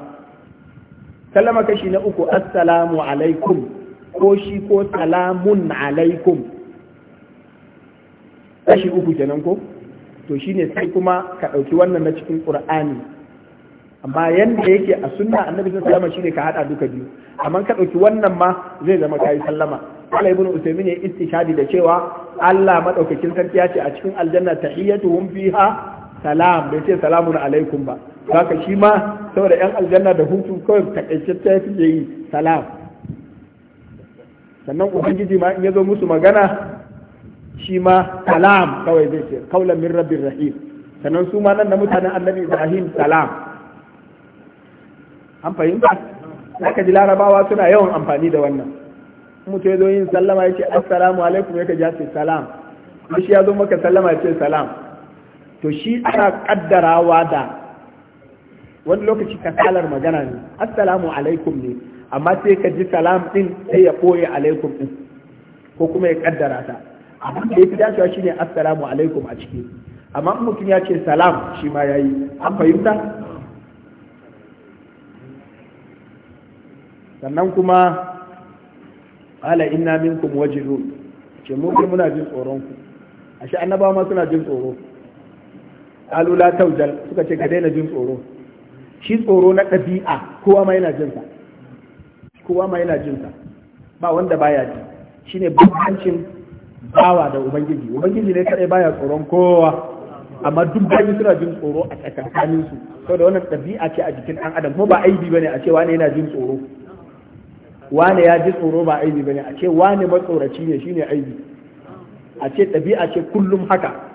sallama kashi na uku assalamu alaikum ko shi ko salamun alaikum kashi uku kenan ko to shine sai kuma ka ɗauki wannan na cikin ƙur'ani amma yanda yake a sunna annabi sallallahu alaihi shine ka hada duka biyu amma ka ɗauki wannan ma zai zama kayi sallama Allah ibn Usaymin ya istishadi da cewa Allah madaukakin sarki ya ce a cikin aljanna tahiyyatuhum fiha salam bai ce salamun alaikum ba haka shi ma saboda yan aljanna da hutu kawai takaitacce suke yi salam sannan ubangiji ma in ya zo musu magana shi ma salam kawai zai ce kaulan min rabbir rahim sannan su ma nan da mutanen annabi ibrahim salam an fahimta zaka ji larabawa suna yawan amfani da wannan mutum ya zo yin sallama ya ce assalamu alaikum ya ka ji salam shi ya zo maka sallama ya ce salam to shi ana kaddarawa da wani lokaci kasalar magana ne assalamu alaikum ne amma sai ka ji salam din sai ya koye alaikum din ko kuma ya kaddara ta amma da ya fi dacewa ne assalamu alaikum a ciki amma in mutum ya ce salam shi ma ya yi. an fahimta sannan kuma ala inna minkum wajidu ce mu muna jin tsoron ku ashe annabawa ma suna jin tsoro kalu la taujal suka ce ka daina jin tsoro shi tsoro na ɗabi'a kowa ma yana jinsa kowa ma yana jinsa ba wanda baya ji shine bambancin bawa da ubangiji ubangiji ne kadai baya tsoron kowa amma duk bayi suna jin tsoro a tsakankanin su saboda wannan ɗabi'a ce a jikin ɗan adam kuma ba aibi bane a ce wane yana jin tsoro wane ya ji tsoro ba aibi bane a ce wane matsoraci ne shine aibi a ce ɗabi'a ce kullum haka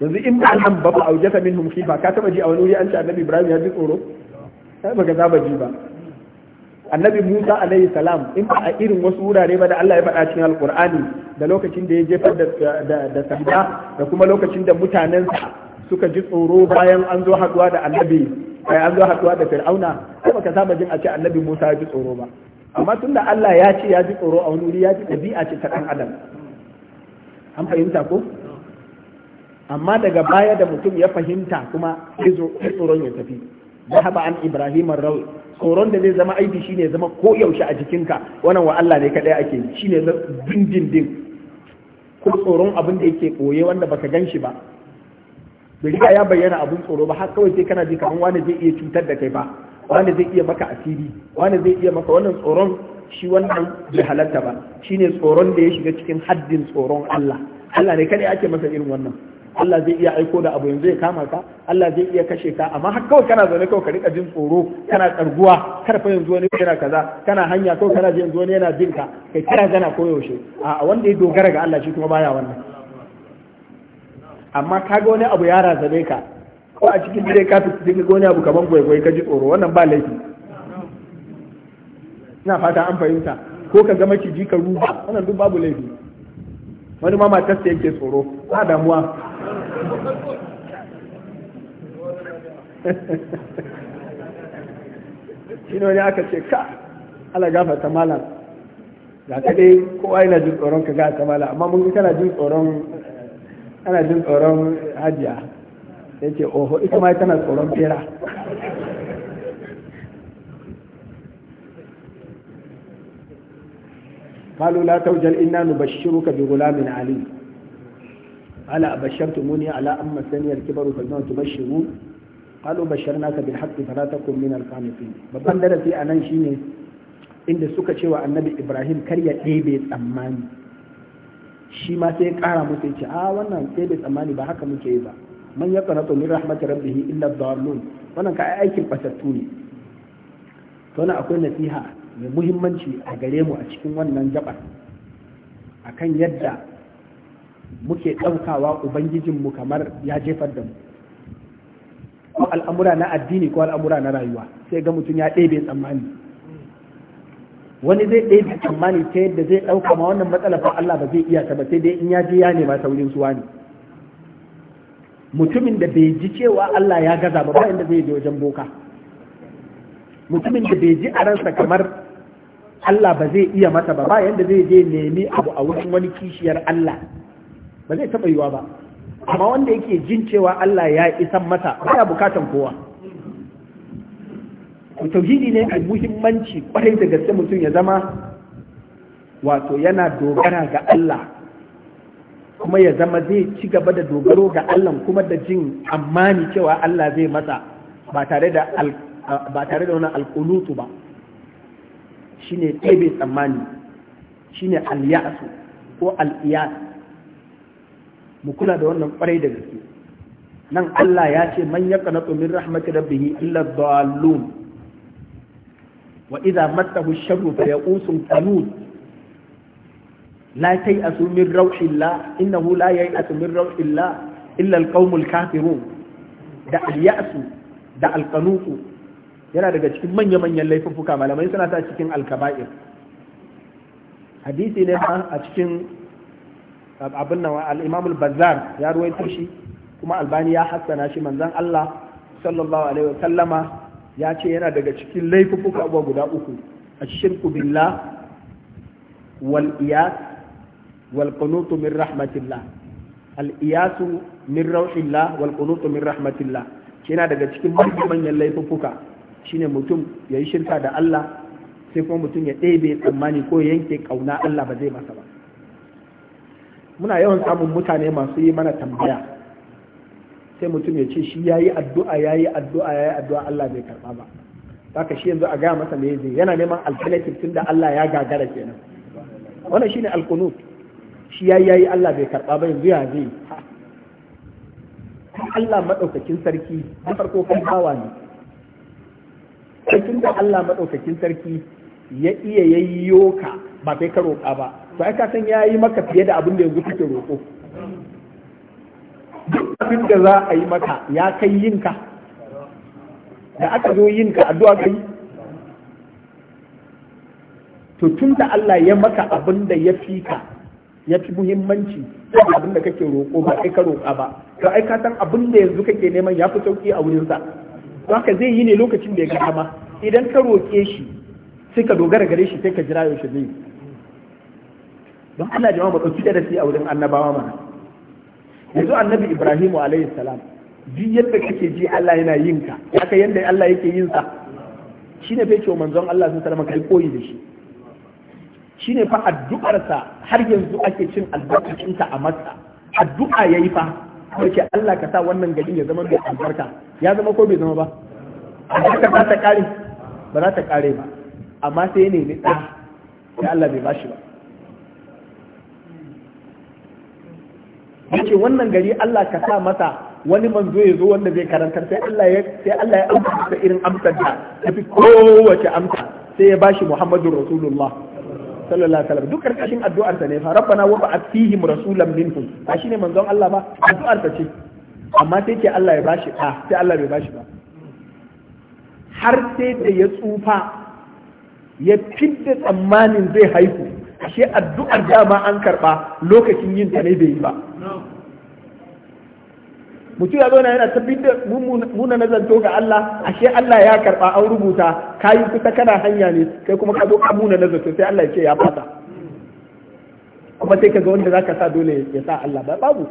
yanzu in ba nan ba ba aujata minhum khifa ka taba ji a wani wuri an ce annabi ibrahim ya ji tsoro sai baka zaba ji ba annabi musa alaihi salam in ba a irin wasu wurare ba da allah ya faɗa cikin alkur'ani da lokacin da ya jefar da sanda da kuma lokacin da mutanensa suka ji tsoro bayan an zo haɗuwa da annabi ai an zo haɗuwa da fir'auna sai baka saba jin a ce annabi musa ya ji tsoro ba amma tunda allah ya ce ya ji tsoro a wani wuri ya ji ɗabi'a ce ta ɗan adam an fahimta ko amma daga baya da mutum ya fahimta kuma ya tsoron ya tafi zahaba an ibrahim rawi tsoron da zai zama aibi shine zama ko yaushe a jikinka wannan wa Allah ne kadai ake shine din. ko tsoron abin da yake koye wanda baka gan shi ba bai riga ya bayyana abin tsoro ba har kawai sai kana ji kaman wani zai iya cutar da kai ba wani zai iya maka asiri wani zai iya maka wannan tsoron shi wannan bai halatta ba shine tsoron da ya shiga cikin haddin tsoron Allah Allah ne kadai ake masa irin wannan Allah zai iya aiko da abu yanzu ya kama ka Allah zai iya kashe ka amma har kawai kana zaune kawai ka rika jin tsoro kana karguwa kar fa yanzu wani yana kaza kana hanya kawai kana jin yanzu wani yana jin ka kai kira gana ko yaushe. a wanda ya dogara ga Allah shi kuma baya wannan amma kaga wani abu ya razabe ka ko a cikin dare ka fita cikin wani abu kaman gwaigwai ka ji tsoro wannan ba laifi ina fata an fahimta ko ka ga maciji ka ruba wannan duk babu laifi wani ma matarsa yake tsoro ba damuwa shi ne aka ce ka ala ta malam da ka dai kowa yana jin tsoron ka ga ta malam amma mun kana jin tsoron ana jin tsoron hajiya ya ce oho ita ma tana tsoron fera قالوا shi توجل إنا bi gulamin عليم ala bashartumuni ala amma saniyar kibaru fa zan tubashiru qalu basharnaka bil haqqi fala takun min al qanitin babban darasi anan shine inda suka ce wa annabi Ibrahim kar ya ɗebe tsammani shi ma sai ya kara musu ya a wannan ɗebe tsammani ba haka muke yi ba man ya qanatu min rahmatir rabbih illa dallun wannan ka aikin batattu ne to na akwai nasiha mai muhimmanci a gare mu a cikin wannan gabar akan yadda muke ɗaukawa ubangijinmu kamar ya jefar da mu ko al'amura na addini ko al'amura na rayuwa sai ga mutum ya ɗebe tsammani wani zai ɗebe tsammani ta yadda zai ɗauka ma wannan matsala ba Allah ba zai iya ta ba sai dai in ya je ya nema saurin suwa ne mutumin da bai ji cewa Allah ya gaza ba ba inda zai je wajen boka mutumin da bai ji a ransa kamar Allah ba zai iya mata ba ba yanda zai je nemi abu a wurin wani kishiyar Allah ba zai taɓa yiwa ba amma wanda yake jin cewa Allah ya isan masa baya bukatan kowa tauhidi ne a muhimmanci kwarai da gaske mutum ya zama wato yana dogara ga Allah kuma ya zama zai ci gaba da dogaro ga Allah kuma da jin amani cewa Allah zai masa ba tare da ba tare wani alƙulutu ba shine ɗebe tsammani shine alyasu ko al'iyas mu kula da wannan kwarai da gaske nan Allah ya ce man yaqnatu min rahmati rabbih illa dhallun wa idza mattahu sharru fa yaqusun qanud la tayasu min rauhillah innahu la yayasu min rauhillah illa alqaumul kafirun da alyasu da alqanutu yana daga cikin manya-manyan laifuffuka malamai suna ta cikin alkaba'ir hadisi ne a cikin abin nan al-Imam al-Bazzar ya ruwaito shi kuma Albani ya hassana shi manzon Allah sallallahu alaihi wasallama ya ce yana daga cikin laifuka abuwa guda uku ash-shirku billah wal iyas wal qunut min rahmatillah al iyasu min rahmatillah wal qunut min rahmatillah shi yana daga cikin manyan laifuka shine mutum yayi shirka da Allah sai kuma mutum ya ɗebe tsammani ko yanke kauna Allah ba zai masa ba muna yawan samun mutane masu yi mana tambaya sai mutum ya ce shi ya yi addu'a ya yi addu'a ya yi addu'a Allah bai karɓa ba ka shi yanzu a gaya masa me zai yana neman alternative tunda Allah ya gagara kenan wannan shine alkunut shi ya yi Allah bai karɓa ba yanzu ya zai Allah maɗaukakin sarki na farko kan bawa ne sai tunda Allah maɗaukakin sarki ya iya yayyo ka ba bai ka roƙa ba to ai ka san yayi maka fiye da abin da yanzu kake roƙo duk abin da za a yi maka ya kai yinka da aka zo yinka addu'a kai to tun da Allah ya maka abin da ya fi ka ya fi muhimmanci sai abin da kake roƙo ba kai ka roƙa ba to ai ka san abin da yanzu kake neman ya fi sauki a wurinsa don haka zai yi ne lokacin da ya ga idan ka roƙe shi sai ka dogara gare shi sai ka jira yaushe zai yi don Allah jama'a ba ɗauki darasi a wurin annabawa mana yanzu annabi Ibrahim alayhi salam ji yadda kake ji Allah yana yin ka haka yadda Allah yake yin sa shine fa cewa manzon Allah sun sallama kai koyi da shi shine fa sa har yanzu ake cin albarkacin ta a Makka addu'a yayi fa yake Allah ka sa wannan garin ya zama mai albarka ya zama ko bai zama ba albarka ta kare ba za ta kare ba amma sai ne ni da Allah bai bashi ba yace wannan gari Allah ka sa masa wani manzo ya zo wanda zai karantar sai Allah ya sai Allah ya amsa da irin amsar da tafi kowace amsa sai ya bashi Muhammadur Rasulullah sallallahu alaihi wasallam duk karkashin addu'ar ta ne fa rabbana wa ba'ath fihim rasulan minhum ba shine manzon Allah ba addu'ar ta ce amma sai ke Allah ya bashi ba sai Allah bai bashi ba har sai da ya tsufa ya fidda tsammanin zai haihu ashe addu'ar dama an karba lokacin yin ta ne bai yi ba mutum ya zauna yana tabbin da muna na zanto ga Allah ashe Allah ya karba an rubuta kayi kusa kana hanya ne kai kuma ka zo ka muna na sai Allah ya ce ya fasa kuma sai ka ga wanda zaka sa dole ya sa Allah ba babu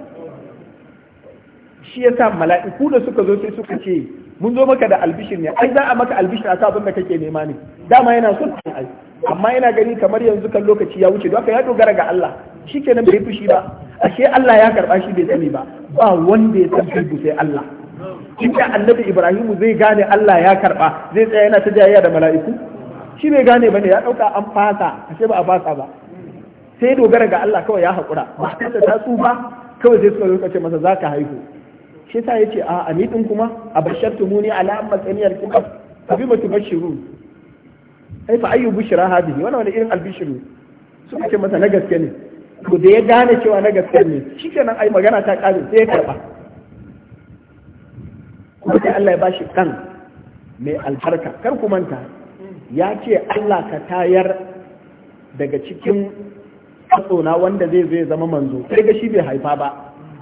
shi sa mala'iku da suka zo sai suka ce mun zo maka da albishir ne ai za a maka albishir a sa abin da kake nema ne dama yana son ai amma yana gani kamar yanzu kan lokaci ya wuce haka ya dogara ga Allah shikenan bai fushi ba ashe Allah ya karba shi bai sani ba ba wanda ya san gaibu sai Allah inda annabi Ibrahim zai gane Allah ya karba zai tsaya yana ta jayayya da mala'iku shi bai gane bane ya dauka an fasa ashe ba a fasa ba sai dogara ga Allah kawai ya hakura ba ta tsufa kawai zai suka lokace masa zaka haihu shi sa yace a ni din kuma abashartumuni ala amma tsaniyar kuma abi matu ai fa ayyu bushra hadihi wannan wani irin albishiru su ce masa na gaske ne to da ya gane cewa na gaske ne shikenan ai magana ta kare sai ya karba kuma sai Allah ya bashi kan mai albarka kar ku manta ya ce Allah ka tayar daga cikin tsona wanda zai zai zama manzo sai ga shi bai haifa ba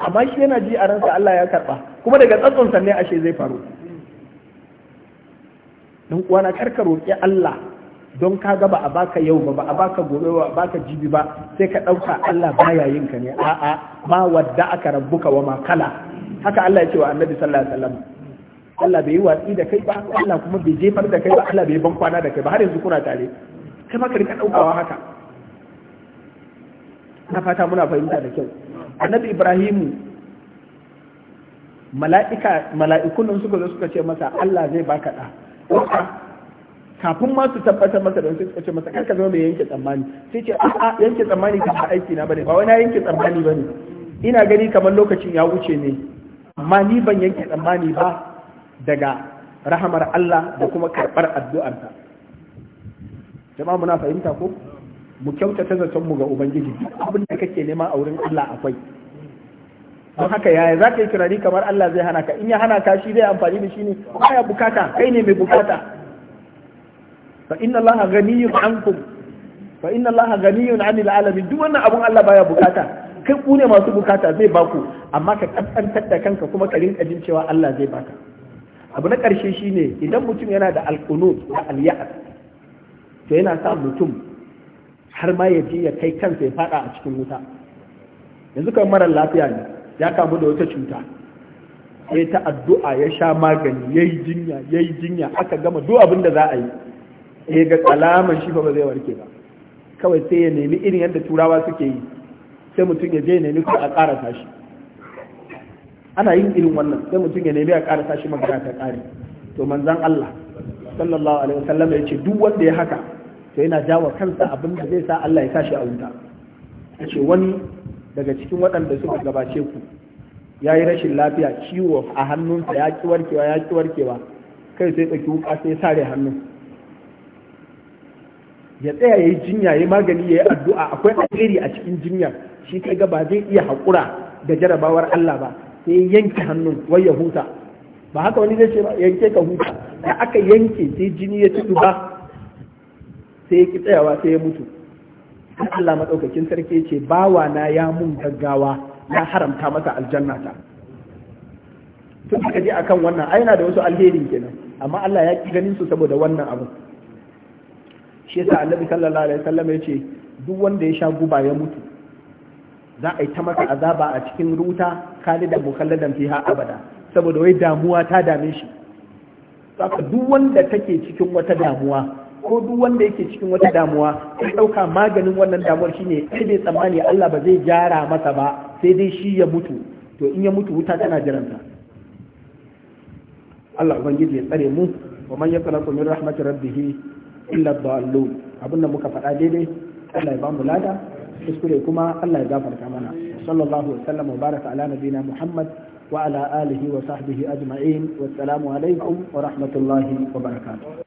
amma shi yana ji a ransa Allah ya karba kuma daga tsatsonsa ne ashe zai faru dan uwana karka roƙi Allah don ka ga ba a baka yau ba ba a baka gobe ba a baka jibi ba sai ka ɗauka Allah baya yin ka ne a'a ma wadda aka rabbuka wa ma kala haka Allah ya ce wa annabi sallallahu alaihi wasallam Allah bai yi watsi da kai ba Allah kuma bai jefar da kai ba Allah bai ban kwana da kai ba har yanzu kuna tare kai ma ka rika ɗaukawa haka na fata muna fahimta da kyau annabi Ibrahimu mala'ika mala'ikun suka zo suka ce masa Allah zai baka da kafin masu su tabbatar masa da suka ce masa zama mai yanke tsammani sai ce a'a yanke tsammani ka ba aiki na bane ba wani yanke tsammani bane ina gani kamar lokacin ya wuce ne amma ni ban yanke tsammani ba daga rahamar Allah da kuma karɓar addu'arsa jama'a muna fahimta ko mu kyautata zaton mu ga ubangiji abin da kake nema a wurin Allah akwai don haka yaya za ka yi tunani kamar Allah zai hana ka in ya hana ka shi zai amfani da shi ne baya bukata kai ne mai bukata fa inna allaha ghaniyun ankum fa inna duk wannan abun Allah baya bukata kai ku ne masu bukata zai baku amma ka kaskantar da kanka kuma ka rinka jin cewa Allah zai baka abu na karshe shine idan mutum yana da alqunut da al to yana sa mutum har ma ya ya kai kansa ya fada a cikin wuta yanzu kan mara lafiya ne ya kamu da wata cuta sai ta addu'a ya sha magani yayi jinya yayi jinya aka gama duk abin da za a yi ya ga alaman shi fa ba zai warke ba kawai sai ya nemi irin yadda turawa suke yi sai mutum ya je nemi ko a ƙara shi ana yin irin wannan sai mutum ya nemi a ƙara shi magana ta kare to manzon Allah sallallahu alaihi wasallam ya ce duk wanda ya haka to yana jawo kansa abin da zai sa Allah ya sa shi a wuta ya ce wani daga cikin waɗanda suka gabace ku ya yi rashin lafiya ciwo a hannunsa ya ki warkewa ya ki warkewa kai sai tsaki wuka sai ya sare hannun ya tsaya ya yi jinya ya magani ya yi addu'a akwai alheri a cikin jinya shi kai ga ba zai iya haƙura da jarabawar Allah ba sai ya yanke hannun wai ya huta ba haka wani zai ce ba yanke ka huta da aka yanke sai jini ya tudu ba sai ya ki tsayawa sai ya mutu Allah madaukakin sarki ce bawa na ya mun gaggawa na haramta masa aljanna ta tun ka je akan wannan ai na da wasu alherin kenan amma Allah ya ki ganin su saboda wannan abu shi yasa annabi sallallahu alaihi wasallam ya ce duk wanda ya sha guba ya mutu za a yi ta masa azaba a cikin ruta kalida mukalladan fiha abada saboda wai damuwa ta dame shi saboda duk wanda take cikin wata damuwa ko duk wanda yake cikin wata damuwa sai dauka maganin wannan damuwar shine sai bai tsammani Allah ba zai gyara masa ba sai dai shi ya mutu to in ya mutu wuta tana jiranta Allah ubangiji ya tsare mu wa man yaqnatu min rahmatir rabbih illa dallun abinda muka faɗa daidai Allah ya ba mu lada kuskure kuma Allah ya gafarta mana sallallahu alaihi wasallam wa baraka ala nabina Muhammad wa ala alihi wa sahbihi ajma'in wassalamu alaikum wa rahmatullahi wa barakatuh